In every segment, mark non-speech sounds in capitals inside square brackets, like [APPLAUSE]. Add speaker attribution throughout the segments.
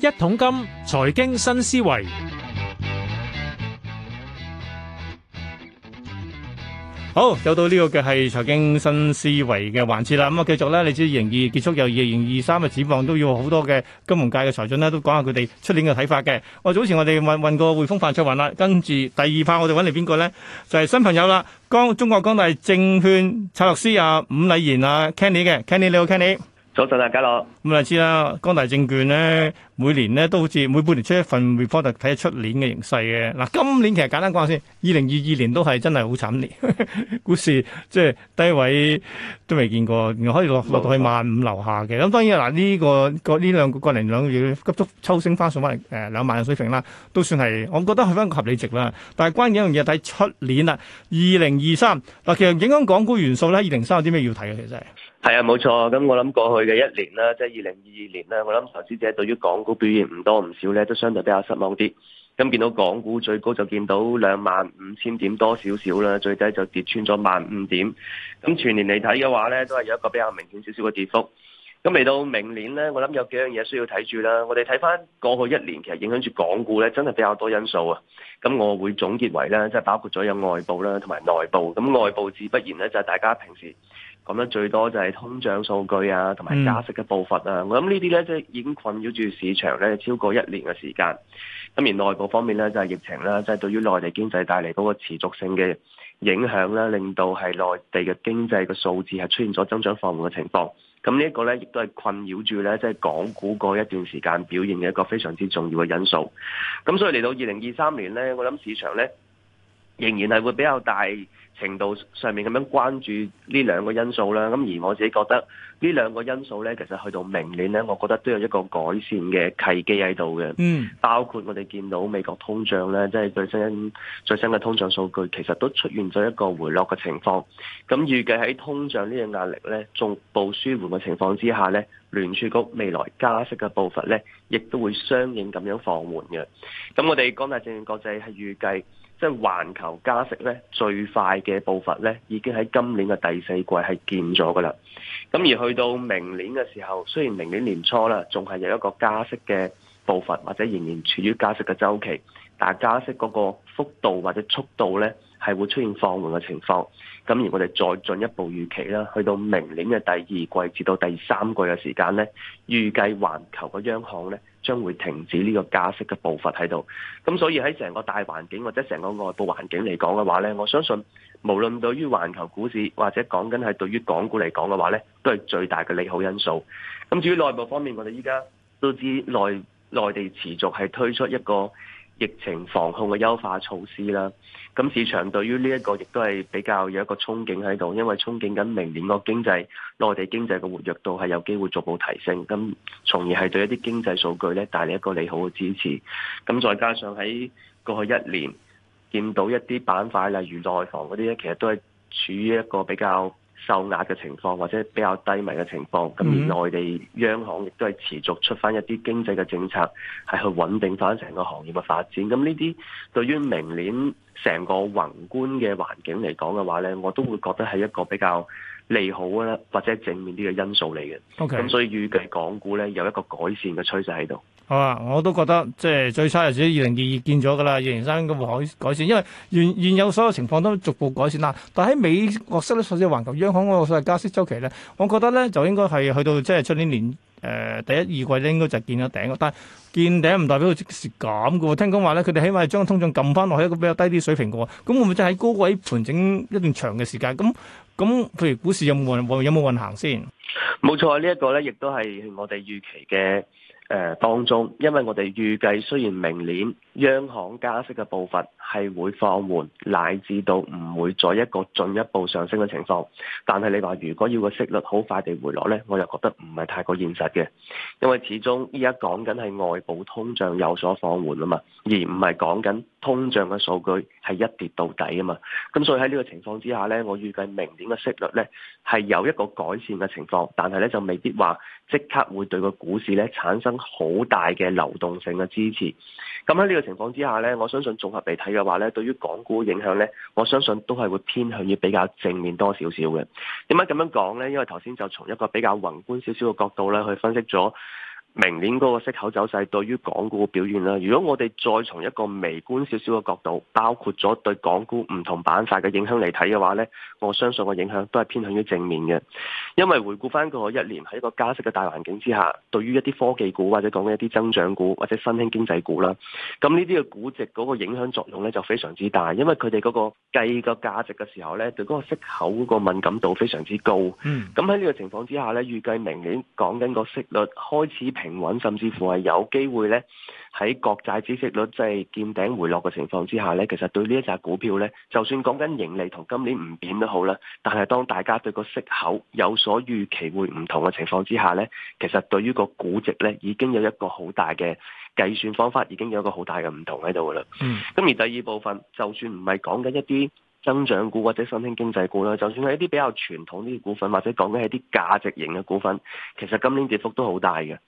Speaker 1: 一桶金財經新思維，好又到呢個嘅係財經新思維嘅環節啦。咁啊，繼續咧，你知二零二二結束又二零二三嘅展望都要好多嘅金融界嘅財俊咧，都講下佢哋出年嘅睇法嘅。我早前我哋問問過匯豐范卓雲啦，跟住第二 part 我哋揾嚟邊個咧，就係、是、新朋友啦，江中國光大證券策略師啊，伍禮賢啊，Kenny 嘅，Kenny 你好，Kenny。Kenny
Speaker 2: 早晨啊，家樂、嗯。
Speaker 1: 咁你知啦，光大證券咧。每年呢都好似每半年出一份 report 睇下出年嘅形勢嘅嗱，今年其實簡單講下先，二零二二年都係真係好慘年，股 [LAUGHS] 市即係低位都未見過，然後可以落落到去萬五樓下嘅。咁、啊、當然啦，呢、啊這個個呢兩個個零兩個月急速抽升翻上翻嚟，誒、呃、兩萬嘅水平啦，都算係我覺得係翻個合理值啦。但係關鍵一樣嘢睇出年2023，啊，二零二三嗱，其實影響港股元素咧，二零三有啲咩要睇嘅其實
Speaker 2: 係，係啊冇錯。咁我諗過去嘅一年啦，即係二零二二年啦，我諗投資者對於港股都表現唔多唔少咧，都相對比較失望啲。咁見到港股最高就見到兩萬五千點多少少啦，最低就跌穿咗萬五點。咁全年嚟睇嘅話咧，都係有一個比較明顯少少嘅跌幅。咁嚟到明年咧，我諗有幾樣嘢需要睇住啦。我哋睇翻過去一年，其實影響住港股咧，真係比較多因素啊。咁我會總結為咧，即係包括咗有外部啦，同埋內部。咁外部自不然咧，就係大家平時講得最多就係通脹數據啊，同埋加息嘅步伐啊。嗯、我諗呢啲咧，即係已經困擾住市場咧超過一年嘅時間。咁而內部方面咧，就係疫情啦，即係對於內地經濟帶嚟嗰個持續性嘅影響啦，令到係內地嘅經濟嘅數字係出現咗增長放緩嘅情況。咁呢一個咧，亦都係困擾住咧，即係港股過一段時間表現嘅一個非常之重要嘅因素。咁所以嚟到二零二三年咧，我諗市場咧仍然係會比較大。程度上面咁樣關注呢兩個因素啦，咁而我自己覺得呢兩個因素咧，其實去到明年咧，我覺得都有一個改善嘅契機喺度嘅。嗯，包括我哋見到美國通脹咧，即係最新最新嘅通脹數據，其實都出現咗一個回落嘅情況。咁預計喺通脹呢個壓力咧逐步舒緩嘅情況之下咧，聯儲局未來加息嘅步伐咧，亦都會相應咁樣放緩嘅。咁我哋光大證券國際係預計。即係環球加息咧，最快嘅步伐咧，已經喺今年嘅第四季係見咗噶啦。咁而去到明年嘅時候，雖然明年年初啦，仲係有一個加息嘅步伐，或者仍然處於加息嘅周期，但係加息嗰個幅度或者速度咧，係會出現放緩嘅情況，咁而我哋再進一步預期啦，去到明年嘅第二季至到第三季嘅時間咧，預計環球嘅央行咧將會停止呢個加息嘅步伐喺度。咁所以喺成個大環境或者成個外部環境嚟講嘅話呢，我相信無論對於環球股市或者講緊係對於港股嚟講嘅話呢，都係最大嘅利好因素。咁至於內部方面，我哋依家都知內內地持續係推出一個。疫情防控嘅優化措施啦，咁市場對於呢一個亦都係比較有一個憧憬喺度，因為憧憬緊明年個經濟內地經濟嘅活躍度係有機會逐步提升，咁從而係對一啲經濟數據咧帶嚟一個利好嘅支持。咁再加上喺過去一年見到一啲板塊，例如內房嗰啲咧，其實都係處於一個比較。受壓嘅情況或者比較低迷嘅情況，咁、mm hmm. 而內地央行亦都係持續出翻一啲經濟嘅政策，係去穩定翻成個行業嘅發展。咁呢啲對於明年成個宏觀嘅環境嚟講嘅話呢，我都會覺得係一個比較利好呀，或者正面啲嘅因素嚟嘅。咁所以預計港股呢，有一個改善嘅趨勢喺度。
Speaker 1: 係嘛？我都覺得即係最差就係二零二二見咗㗎啦，二零三應該改改善，因為現現有所有情況都逐步改善啦。但係喺美國失咗失咗環球央行嗰個加息周期咧，我覺得咧就應該係去到即係出年年誒、呃、第一二季咧，應該就見到頂。但係見頂唔代表佢即時減㗎喎。聽講話咧，佢哋起碼係將通脹撳翻落去一個比較低啲水平㗎喎。咁會唔會即係喺高位盤整一段長嘅時間？咁咁譬如股市有冇運有冇運行先？冇錯，這個、呢一
Speaker 2: 個咧亦都係我哋預期嘅。誒當中，因為我哋預計雖然明年央行加息嘅步伐係會放緩，乃至到唔會再一個進一步上升嘅情況。但係你話如果要個息率好快地回落呢，我又覺得唔係太過現實嘅，因為始終依家講緊係外部通脹有所放緩啊嘛，而唔係講緊通脹嘅數據係一跌到底啊嘛。咁所以喺呢個情況之下呢，我預計明年嘅息率呢係有一個改善嘅情況，但係呢就未必話即刻會對個股市呢產生。好大嘅流動性嘅支持，咁喺呢個情況之下咧，我相信綜合嚟睇嘅話咧，對於港股影響咧，我相信都係會偏向於比較正面多少少嘅。點解咁樣講咧？因為頭先就從一個比較宏觀少少嘅角度咧，去分析咗。明年嗰個息口走勢對於港股嘅表現啦，如果我哋再從一個微觀少少嘅角度，包括咗對港股唔同板塊嘅影響嚟睇嘅話咧，我相信個影響都係偏向於正面嘅，因為回顧翻個一年喺個加息嘅大環境之下，對於一啲科技股或者講緊一啲增長股或者新興經濟股啦，咁呢啲嘅估值嗰個影響作用咧就非常之大，因為佢哋嗰個計個價值嘅時候咧，對嗰個息口個敏感度非常之高。嗯，咁喺呢個情況之下咧，預計明年講緊個息率開始平穩，甚至乎係有機會咧，喺國債孳息率即係見頂回落嘅情況之下咧，其實對呢一扎股票咧，就算講緊盈利同今年唔變都好啦，但係當大家對個息口有所預期會唔同嘅情況之下咧，其實對於個估值咧，已經有一個好大嘅計算方法，已經有一個好大嘅唔同喺度噶啦。嗯，咁而第二部分，就算唔係講緊一啲。增長股或者新興經濟股啦，就算係一啲比較傳統啲股份，或者講緊係啲價值型嘅股份，其實今年跌幅都好大嘅。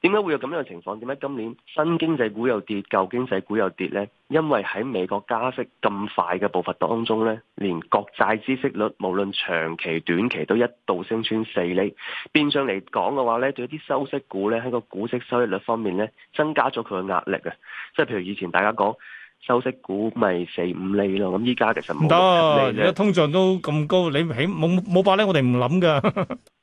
Speaker 2: 點解會有咁樣嘅情況？點解今年新經濟股又跌、舊經濟股又跌呢？因為喺美國加息咁快嘅步伐當中呢，連國債孳息率無論長期、短期都一度升穿四厘，變相嚟講嘅話呢，對一啲收息股呢，喺個股息收益率方面呢，增加咗佢嘅壓力啊！即係譬如以前大家講。收息股咪四五厘咯，咁依家其實唔得，而家通
Speaker 1: 脹都咁高，你起冇冇把咧法，我哋唔諗噶。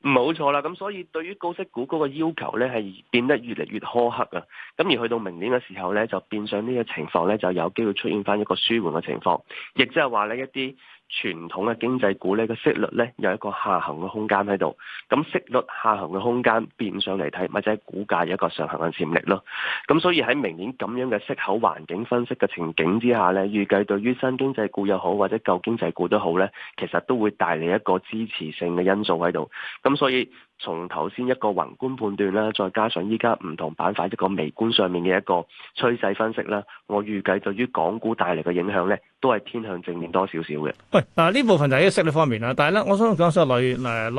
Speaker 2: 冇錯啦，咁所以對於高息股嗰個要求咧，係變得越嚟越苛刻啊！咁而去到明年嘅時候咧，就變相呢個情況咧，就有機會出現翻一個舒緩嘅情況，亦即係話咧一啲。傳統嘅經濟股呢個息率呢，有一個下行嘅空間喺度，咁息率下行嘅空間變相嚟睇，或者股價有一個上行嘅潛力咯。咁所以喺明年咁樣嘅息口環境分析嘅情景之下呢，預計對於新經濟股又好，或者舊經濟股都好呢，其實都會帶嚟一個支持性嘅因素喺度。咁所以。從頭先一個宏觀判斷啦，再加上依家唔同板塊一個微觀上面嘅一個趨勢分析啦，我預計對於港股帶嚟嘅影響咧，都係偏向正面多少少嘅。
Speaker 1: 喂，嗱、啊、呢部分就係一個息率方面啦，但係咧，我想講所有內誒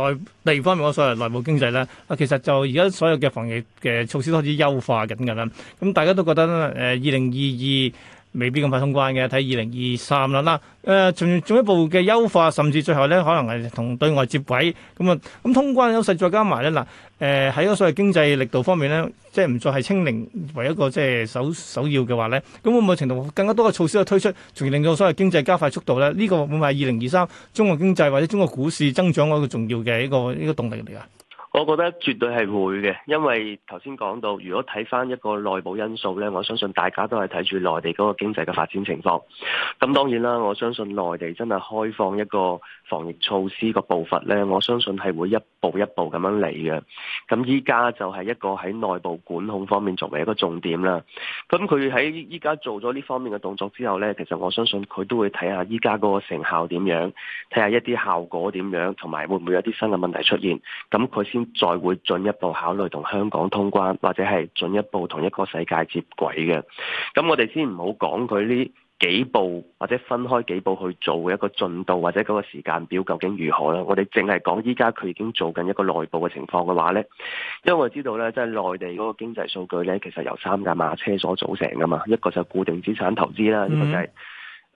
Speaker 1: 內地方面，我所謂內部經濟咧，啊其實就而家所有嘅防疫嘅措施都開始優化緊㗎啦，咁大家都覺得誒二零二二。呃 2022, 未必咁快通關嘅，睇二零二三啦。嗱、呃，誒，仲仲進一步嘅優化，甚至最後咧，可能係同對外接軌。咁、嗯、啊，咁、嗯、通關嘅優勢再加埋咧，嗱、呃，誒，喺嗰個所謂經濟力度方面咧，即係唔再係清零為一個即係首首要嘅話咧，咁會唔會程度更加多嘅措施嘅推出，從而令到所謂經濟加快速度咧？呢、這個會唔會係二零二三中國經濟或者中國股市增長一個重要嘅一個呢個動力嚟啊？
Speaker 2: 我覺得絕對係會嘅，因為頭先講到，如果睇返一個內部因素呢，我相信大家都係睇住內地嗰個經濟嘅發展情況。咁當然啦，我相信內地真係開放一個防疫措施個步伐呢，我相信係會一步一步咁樣嚟嘅。咁依家就係一個喺內部管控方面作為一個重點啦。咁佢喺依家做咗呢方面嘅動作之後呢，其實我相信佢都會睇下依家嗰個成效點樣，睇下一啲效果點樣，同埋會唔會有啲新嘅問題出現？咁佢先，再會進一步考慮同香港通關，或者係進一步同一個世界接軌嘅。咁我哋先唔好講佢呢幾步，或者分開幾步去做一個進度，或者嗰個時間表究竟如何啦。我哋淨係講依家佢已經做緊一個內部嘅情況嘅話呢，因為我知道呢，即係內地嗰個經濟數據呢，其實由三架馬車所組成噶嘛，一個就係固定資產投資啦，一個就係。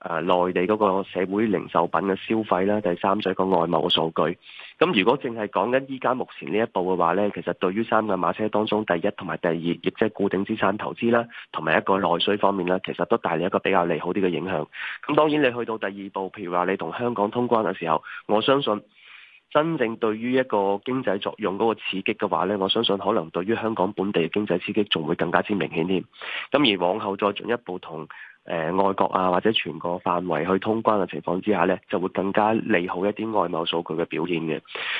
Speaker 2: 誒內地嗰個社會零售品嘅消費啦，第三就係個外貿嘅數據。咁如果淨係講緊依家目前呢一步嘅話呢，其實對於三架馬車當中第一同埋第二，亦即係固定資產投資啦，同埋一個內需方面呢，其實都帶嚟一個比較利好啲嘅影響。咁當然你去到第二步，譬如話你同香港通關嘅時候，我相信真正對於一個經濟作用嗰個刺激嘅話呢，我相信可能對於香港本地經濟刺激仲會更加之明顯添。咁而往後再進一步同。誒、呃，外國啊，或者全國範圍去通關嘅情況之下呢，就會更加利好一啲外貿數據嘅表現嘅。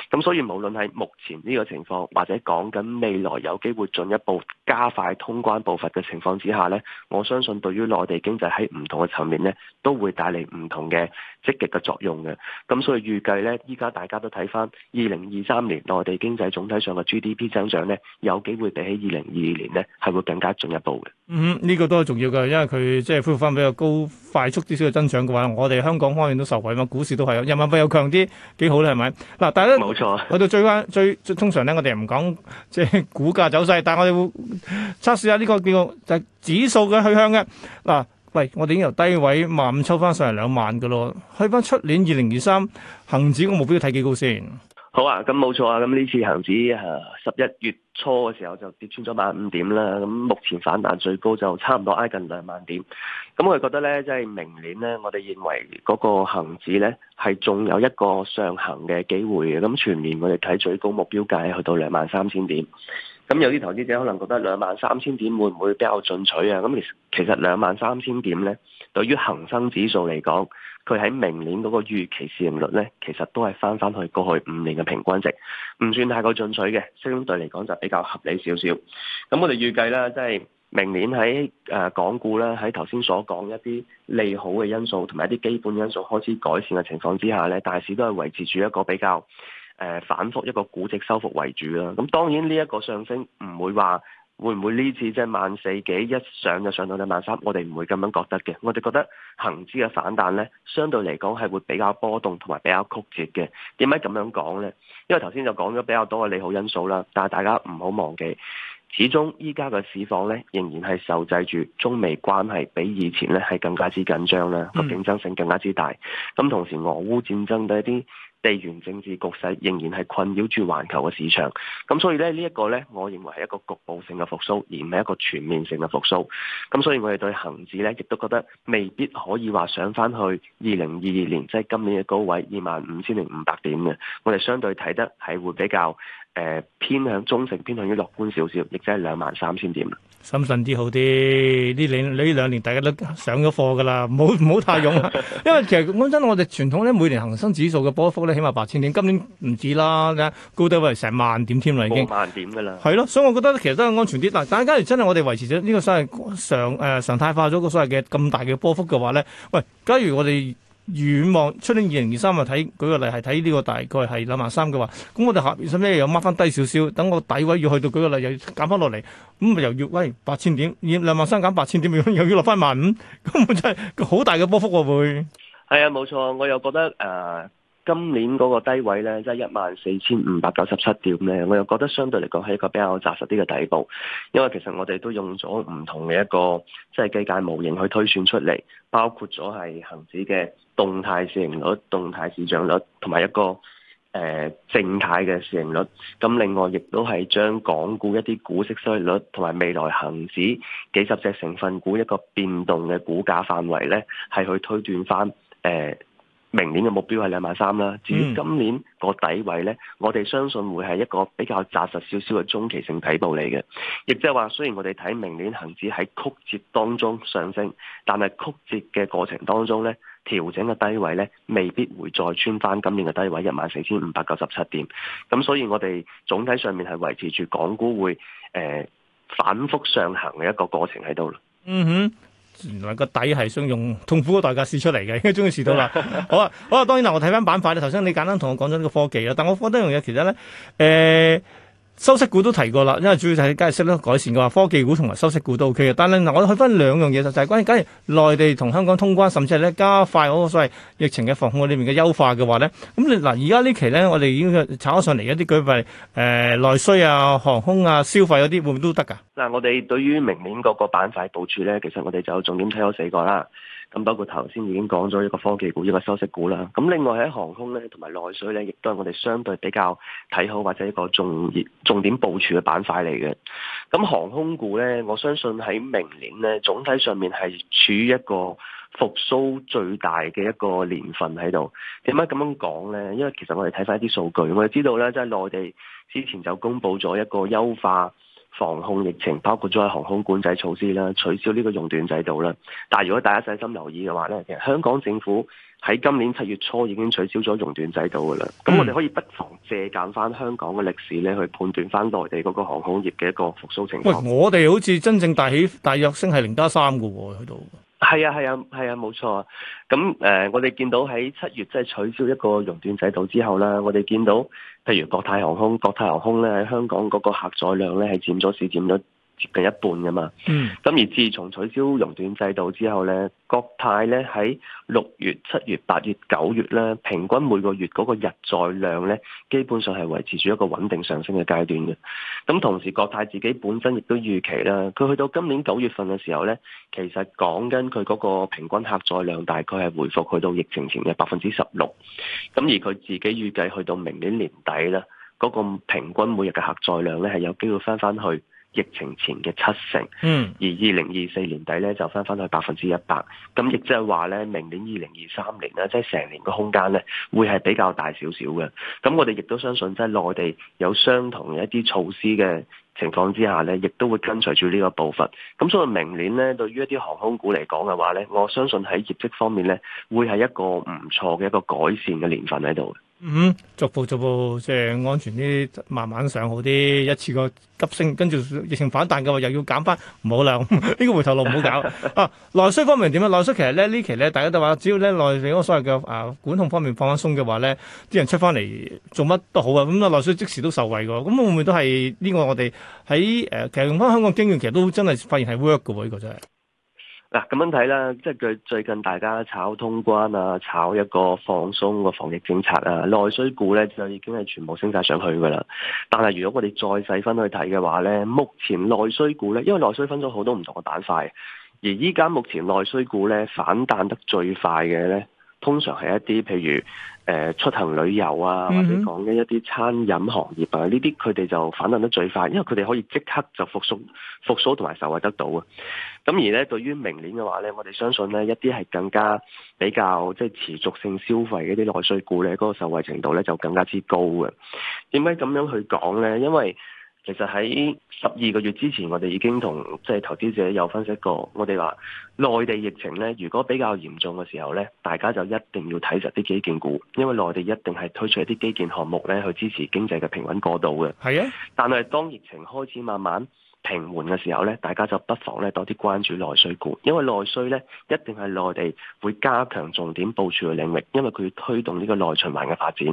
Speaker 2: 咁所以無論係目前呢個情況，或者講緊未來有機會進一步加快通關步伐嘅情況之下呢，我相信對於內地經濟喺唔同嘅層面呢，都會帶嚟唔同嘅積極嘅作用嘅。咁所以預計呢，依家大家都睇翻二零二三年內地經濟總體上嘅 GDP 增長呢，有機會比起二零二二年呢，係會更加進一步嘅。嗯，
Speaker 1: 呢、呢個都係重要嘅，因為佢即係。做翻比較高快速啲少嘅增長嘅話，我哋香港方面都受惠嘛，股市都係啊，人民幣又強啲，幾好咧係咪？嗱，但係咧，冇錯，去到最晏最通常咧，我哋唔講即係股價走勢，但我哋會測試下呢、這個叫做、這個、就是、指數嘅去向嘅。嗱、啊，喂，我哋已經由低位萬五抽翻上嚟兩萬㗎咯。去翻出年二零二三恒指個目標睇幾高先？
Speaker 2: 好啊，咁冇錯啊，咁呢次恆指喺十一月初嘅時候就跌穿咗萬五點啦，咁目前反彈最高就差唔多挨近兩萬點，咁我哋覺得呢，即係明年呢，我哋認為嗰個恆指呢係仲有一個上行嘅機會嘅，咁全年我哋睇最高目標價去到兩萬三千點。咁有啲投資者可能覺得兩萬三千點會唔會比較進取啊？咁其實其實兩萬三千點咧，對於恒生指數嚟講，佢喺明年嗰個預期市盈率咧，其實都係翻翻去過去五年嘅平均值，唔算太過進取嘅，相對嚟講就比較合理少少。咁我哋預計啦，即係明年喺誒港股咧，喺頭先所講一啲利好嘅因素同埋一啲基本因素開始改善嘅情況之下咧，大市都係維持住一個比較。誒、呃，反覆一個估值收復為主啦。咁當然呢一個上升唔會話會唔會呢次即係萬四幾一上就上到兩萬三，我哋唔會咁樣覺得嘅。我哋覺得恒指嘅反彈呢，相對嚟講係會比較波動同埋比較曲折嘅。點解咁樣講呢？因為頭先就講咗比較多嘅利好因素啦，但係大家唔好忘記，始終依家嘅市況呢，仍然係受制住中美關係比以前呢係更加之緊張啦，個競、嗯、爭性更加之大。咁同時俄烏戰爭嘅一啲。地緣政治局勢仍然係困擾住環球嘅市場，咁所以咧呢一個呢，我認為係一個局部性嘅復甦，而唔係一個全面性嘅復甦。咁所以我哋對恒指呢，亦都覺得未必可以話上翻去二零二二年即係、就是、今年嘅高位二萬五千零五百點嘅。我哋相對睇得係會比較。誒、呃，偏向中性，偏向於樂觀少少，亦即係兩萬三千點。
Speaker 1: 深信啲好啲，呢兩呢兩年大家都上咗課噶啦，唔好唔好太勇啦。 [LAUGHS] 因為其實講真，本身我哋傳統咧，每年恒生指數嘅波幅咧，起碼八千點，今年唔止啦，高低位成萬點添啦，已經萬點噶啦。係咯，所以我覺得其實都係安全啲。但係，假如真係我哋維持咗呢個所謂、呃、常誒常態化咗個所謂嘅咁大嘅波幅嘅話咧，喂，假如我哋。遠望出年二零二三又睇，23, 舉個例係睇呢個大概係兩萬三嘅話，咁我哋下二三咧又 mark 翻低少少，等我底位要去到舉個例又減翻落嚟，咁咪又要,又要喂八千點，兩萬三減八千點，又要落翻萬五，咁 [LAUGHS] 真係好大嘅波幅喎、啊、會。
Speaker 2: 係啊，冇錯，我又覺得誒、呃，今年嗰個低位咧，即係一萬四千五百九十七點咧，我又覺得相對嚟講係一個比較紮實啲嘅底部，因為其實我哋都用咗唔同嘅一個即係計價模型去推算出嚟，包括咗係恒指嘅。動態市盈率、動態市賬率，同埋一個誒、呃、正態嘅市盈率。咁另外，亦都係將港股一啲股息收益率同埋未來恒指幾十隻成分股一個變動嘅股價範圍呢，係去推斷翻誒、呃、明年嘅目標係兩萬三啦。至於今年個底位呢，嗯、我哋相信會係一個比較紮實少少嘅中期性底部嚟嘅。亦即係話，雖然我哋睇明年恒指喺曲折當中上升，但係曲折嘅過程當中呢，調整嘅低位咧，未必會再穿翻今年嘅低位，一萬四千五百九十七點。咁所以，我哋總體上面係維持住港股會誒、呃、反覆上行嘅一個過程喺度啦。
Speaker 1: 嗯哼，原來個底係想用痛苦嘅代價試出嚟嘅，因為終於試到啦。吧好啊，好啊。當然嗱，我睇翻板塊，你頭先你簡單同我講咗呢個科技啦，但我覺得樣嘢，其實咧誒。欸收息股都提過啦，因為主要就係加息咧改善嘅話，科技股同埋收息股都 O K 嘅。但係嗱，我睇翻兩樣嘢就係、是、關於內地同香港通關，甚至係咧加快嗰個所謂疫情嘅防控裏面嘅優化嘅話咧，咁你嗱，而家呢期咧，我哋已經炒咗上嚟一啲舉例，誒、呃、內需啊、航空啊、消費嗰啲會唔會都得噶？
Speaker 2: 嗱，我哋對於明年嗰個板塊部署咧，其實我哋就重點睇咗四個啦。咁包括頭先已經講咗一個科技股、一個收息股啦。咁另外喺航空咧同埋內水咧，亦都係我哋相對比較睇好或者一個重重點部署嘅板塊嚟嘅。咁、嗯、航空股咧，我相信喺明年咧總體上面係處於一個復甦最大嘅一個年份喺度。點解咁樣講咧？因為其實我哋睇返一啲數據，我哋知道咧，即係內地之前就公布咗一個優化。防控疫情，包括咗航空管制措施啦，取消呢個熔斷制度啦。但係如果大家細心留意嘅話咧，其實香港政府喺今年七月初已經取消咗熔斷制度噶啦。咁、嗯、我哋可以不妨借鑒翻香港嘅歷史咧，去判斷翻內地嗰個
Speaker 1: 航空業嘅一個復甦情況。喂，我哋好似真正大起大躍升係零加三噶喎，喺度。
Speaker 2: 係啊，係啊，係啊，冇錯，咁誒、呃、我哋見到喺七月即係取消一個熔斷制度之後啦，我哋見到譬如國泰航空，國泰航空咧喺香港嗰個客載量咧係佔咗市佔咗。接近一半噶嘛，咁、嗯、而自從取消熔斷制度之後咧，國泰咧喺六月、七月、八月、九月咧，平均每個月嗰個日載量咧，基本上係維持住一個穩定上升嘅階段嘅。咁同時，國泰自己本身亦都預期啦，佢去到今年九月份嘅時候咧，其實講緊佢嗰個平均客載量大概係回復去到疫情前嘅百分之十六。咁而佢自己預計去到明年年底咧，嗰、那個平均每日嘅客載量咧，係有機會翻翻去。疫情前嘅七成，嗯，而二零二四年底咧就翻翻去百分之一百，咁亦即係話咧，明年二零二三年啦，即係成年個空間咧會係比較大少少嘅。咁我哋亦都相信，即係內地有相同嘅一啲措施嘅情況之下咧，亦都會跟隨住呢個步伐。咁所以明年咧，對於一啲航空股嚟講嘅話咧，我相信喺業績方面咧，會係一個唔錯嘅一個改善嘅年份喺度。
Speaker 1: 嗯，逐步逐步即係安全啲，慢慢上好啲，一次個急升，跟住疫情反彈嘅話，又要減翻，唔好啦，呢 [LAUGHS] 個回頭路唔好搞。啊，內需方面點啊？內需其實咧呢期咧，大家都話，只要咧內地嘅所謂嘅啊管控方面放寬鬆嘅話咧，啲人出翻嚟做乜都好啊，咁啊內需即時都受惠嘅，咁、嗯、會唔會都係呢、這個我哋喺誒，其實用翻香港經驗，其實都真係發現係 work 嘅喎，呢、這個真係。嗱咁
Speaker 2: 樣睇啦，即係佢最近大家炒通關啊，炒一個放鬆個防疫政策啊，內需股咧就已經係全部升晒上去噶啦。但係如果我哋再細分去睇嘅話咧，目前內需股咧，因為內需分咗好多唔同嘅板塊，而依家目前內需股咧反彈得最快嘅咧，通常係一啲譬如。誒，出行旅遊啊，或者講嘅一啲餐飲行業啊，呢啲佢哋就反彈得最快，因為佢哋可以即刻就復甦、復甦同埋受惠得到啊。咁而咧，對於明年嘅話咧，我哋相信咧，一啲係更加比較即係、就是、持續性消費嘅一啲內需股咧，嗰個受惠程度咧就更加之高嘅。點解咁樣去講咧？因為其實喺十二個月之前，我哋已經同即係投資者有分析過，我哋話內地疫情咧，如果比較嚴重嘅時候咧，大家就一定要睇實啲基建股，因為內地一定係推出一啲基建項目咧去支持經濟嘅平穩過渡嘅。係啊的，但係當疫情開始慢慢平緩嘅時候咧，大家就不妨咧多啲關注內需股，因為內需咧一定係內地會加強重點部署嘅領域，因為佢要推動呢個內循環嘅發展。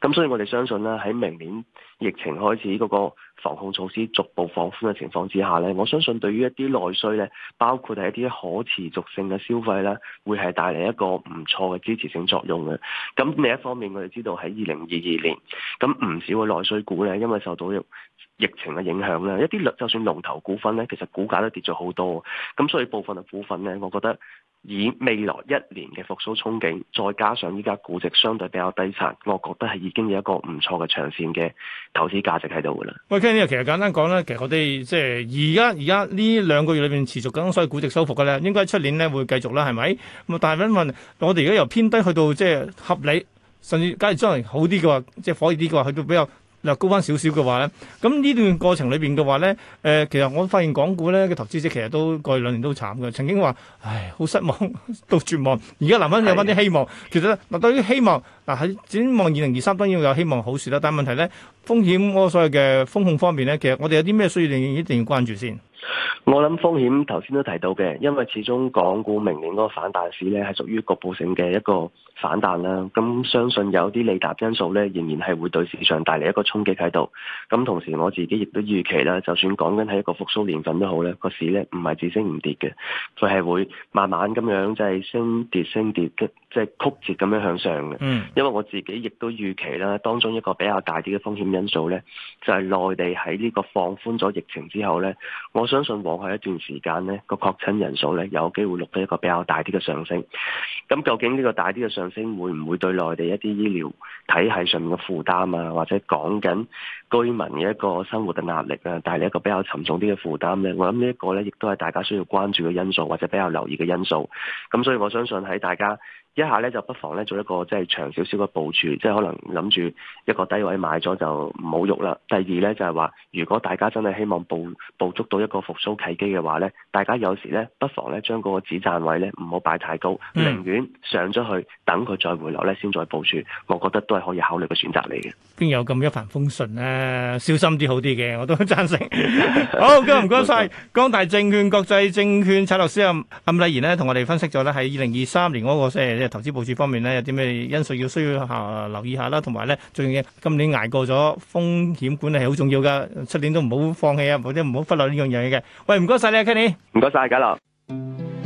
Speaker 2: 咁所以我哋相信咧喺明年。疫情開始嗰個防控措施逐步放寬嘅情況之下咧，我相信對於一啲內需咧，包括係一啲可持續性嘅消費咧，會係帶嚟一個唔錯嘅支持性作用嘅。咁另一方面，我哋知道喺二零二二年，咁唔少嘅內需股咧，因為受到疫情嘅影響咧，一啲就算龍頭股份咧，其實股價都跌咗好多。咁所以部分嘅股份咧，我覺得。以未來一年嘅復甦憧憬，再加上依家估值相對比較低層，我覺得係已經有一個唔錯嘅長線嘅投資價值喺度嘅啦。
Speaker 1: 喂，Ken 呢？其實簡單講啦，其實我哋即係而家而家呢兩個月裏邊持續緊，所以估值收復嘅咧，應該出年咧會繼續啦，係咪？咁啊，但係問問，我哋而家由偏低去到即係合理，甚至假如將嚟好啲嘅話，即係火熱啲嘅話，去到比較。嗱高翻少少嘅話咧，咁呢段過程裏邊嘅話咧，誒、呃、其實我發現港股咧嘅投資者其實都過去兩年都好慘㗎，曾經話，唉，好失望到絕望，而家臨翻有翻啲希望。的其實嗱，對於希望嗱喺、呃、展望二零二三當然有希望好事啦，但係問題咧，風險我所謂嘅風控方面咧，其實我哋有啲咩需要一定要關注先。
Speaker 2: 我諗風險，頭先都提到嘅，因為始終港股明年嗰個反彈市咧，係屬於局部性嘅一個反彈啦。咁、嗯、相信有啲利淡因素咧，仍然係會對市場帶嚟一個衝擊喺度、嗯。咁同時，我自己亦都預期啦，就算講緊係一個復蘇年份都好咧，個市咧唔係只升唔跌嘅，佢係會慢慢咁樣就係升跌升跌，即、就、係、是、曲折咁樣向上嘅。嗯。因為我自己亦都預期啦，當中一個比較大啲嘅風險因素咧，就係、是、內地喺呢個放寬咗疫情之後咧，我。我相信往後一段時間，呢個確診人數呢，有機會錄得一個比較大啲嘅上升。咁究竟呢個大啲嘅上升會唔會對內地一啲醫療體系上面嘅負擔啊，或者講緊居民嘅一個生活嘅壓力啊，帶嚟一個比較沉重啲嘅負擔呢？我諗呢一個呢，亦都係大家需要關注嘅因素，或者比較留意嘅因素。咁所以我相信喺大家。一下咧就不妨咧做一個即係長少少嘅部署，即係可能諗住一個低位買咗就唔好喐啦。第二咧就係話，如果大家真係希望捕捕捉到一個復甦契機嘅話咧，大家有時咧不妨咧將嗰個止賺位咧唔好擺太高，寧願上咗去等佢再回落咧先再部署。我覺得都係可以考慮嘅選擇嚟嘅。
Speaker 1: 邊、嗯、 [LAUGHS] 有咁一帆風順咧、啊？小心啲好啲嘅，我都贊成。 [LAUGHS] 好，唔該曬，光錯大證券國際證券策略師啊，伍禮賢咧同我哋分析咗咧喺二零二三年嗰個投資部署方面咧，有啲咩因素要需要下留意下啦，同埋咧，仲要今年捱過咗風險管理係好重要㗎，出年都唔好放棄啊，或者唔好忽略呢樣嘢嘅。喂，唔該晒你啊，Kenny，唔該晒。嘉樂。